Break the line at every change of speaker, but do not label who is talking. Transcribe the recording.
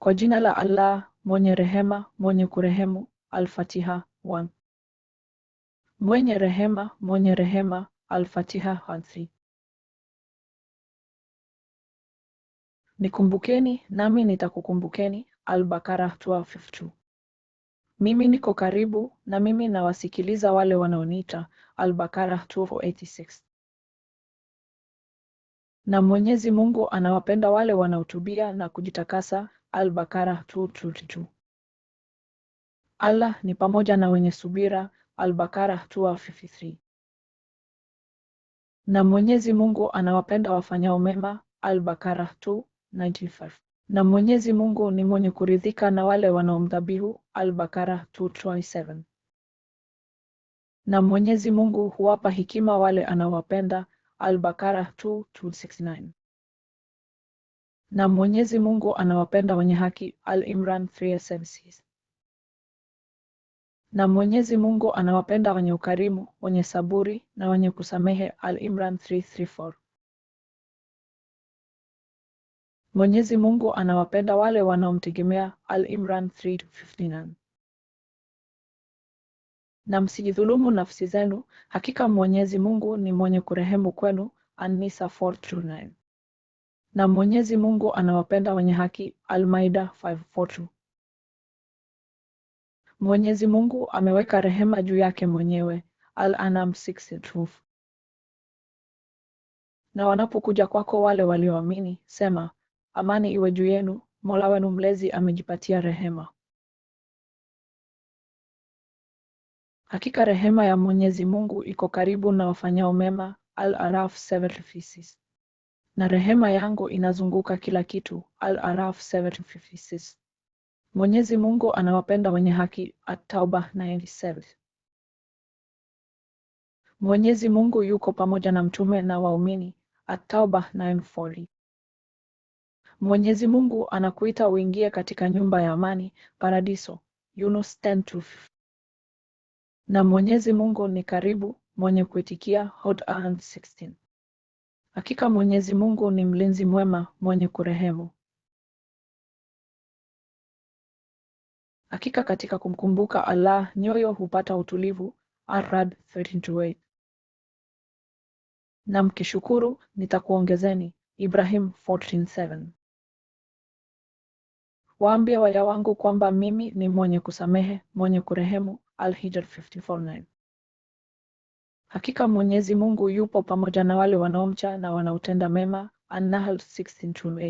Kwa jina la Allah mwenye rehema mwenye kurehemu. Al-Fatiha 1. Mwenye rehema mwenye rehema. Al-Fatiha Nikumbukeni nami nitakukumbukeni. Al-Baqara 12:52. Mimi niko karibu na mimi nawasikiliza wale wanaoniita. Al-Baqara 12:86. Na Mwenyezi Mungu anawapenda wale wanaotubia na kujitakasa Al-Baqarah 222. Allah ni pamoja na wenye subira al bakara 253. Na Mwenyezi Mungu anawapenda wafanyao mema al bakara 295. Na Mwenyezi Mungu ni mwenye kuridhika na wale wanaomdhabihu al bakara 227. Na Mwenyezi Mungu huwapa hekima wale anawapenda Al-Baqarah 269 na Mwenyezi Mungu anawapenda wenye haki. Al-Imran 3:76. Na Mwenyezi Mungu anawapenda wenye ukarimu, wenye saburi na wenye kusamehe. Al-Imran 3:34. Mwenyezi Mungu anawapenda wale wanaomtegemea. Al-Imran 3:59. Na msijidhulumu nafsi zenu, hakika Mwenyezi Mungu ni mwenye kurehemu kwenu. An-Nisa 4:29 na Mwenyezi Mungu anawapenda wenye haki. Al-Maida 5:42. Mwenyezi Mungu ameweka rehema juu yake mwenyewe. Al-An'am Na wanapokuja kwako wale walioamini, sema amani iwe juu yenu, Mola wenu mlezi amejipatia rehema. Hakika rehema ya Mwenyezi Mungu iko karibu na wafanyao mema. Al-Araf 7:56 na rehema yangu inazunguka kila kitu. Al-Araf 7:56. Mwenyezi Mungu anawapenda wenye haki. At-Tauba 97. Mwenyezi Mungu yuko pamoja na mtume na waumini. At-Tauba 9:40. Mwenyezi Mungu anakuita uingie katika nyumba ya amani, paradiso. Yunus 10:2. Na Mwenyezi Mungu ni karibu, mwenye kuitikia. Hud 16. Hakika Mwenyezi Mungu ni mlinzi mwema mwenye kurehemu. Hakika katika kumkumbuka Allah nyoyo hupata utulivu. Arad 13:8. Na mkishukuru nitakuongezeni. Ibrahim 14:7. Waambie waya wangu kwamba mimi ni mwenye kusamehe mwenye kurehemu. Al-Hijr 54:9. Hakika Mwenyezi Mungu yupo pamoja na wale wanaomcha na wanaotenda mema. An-Nahl 16:28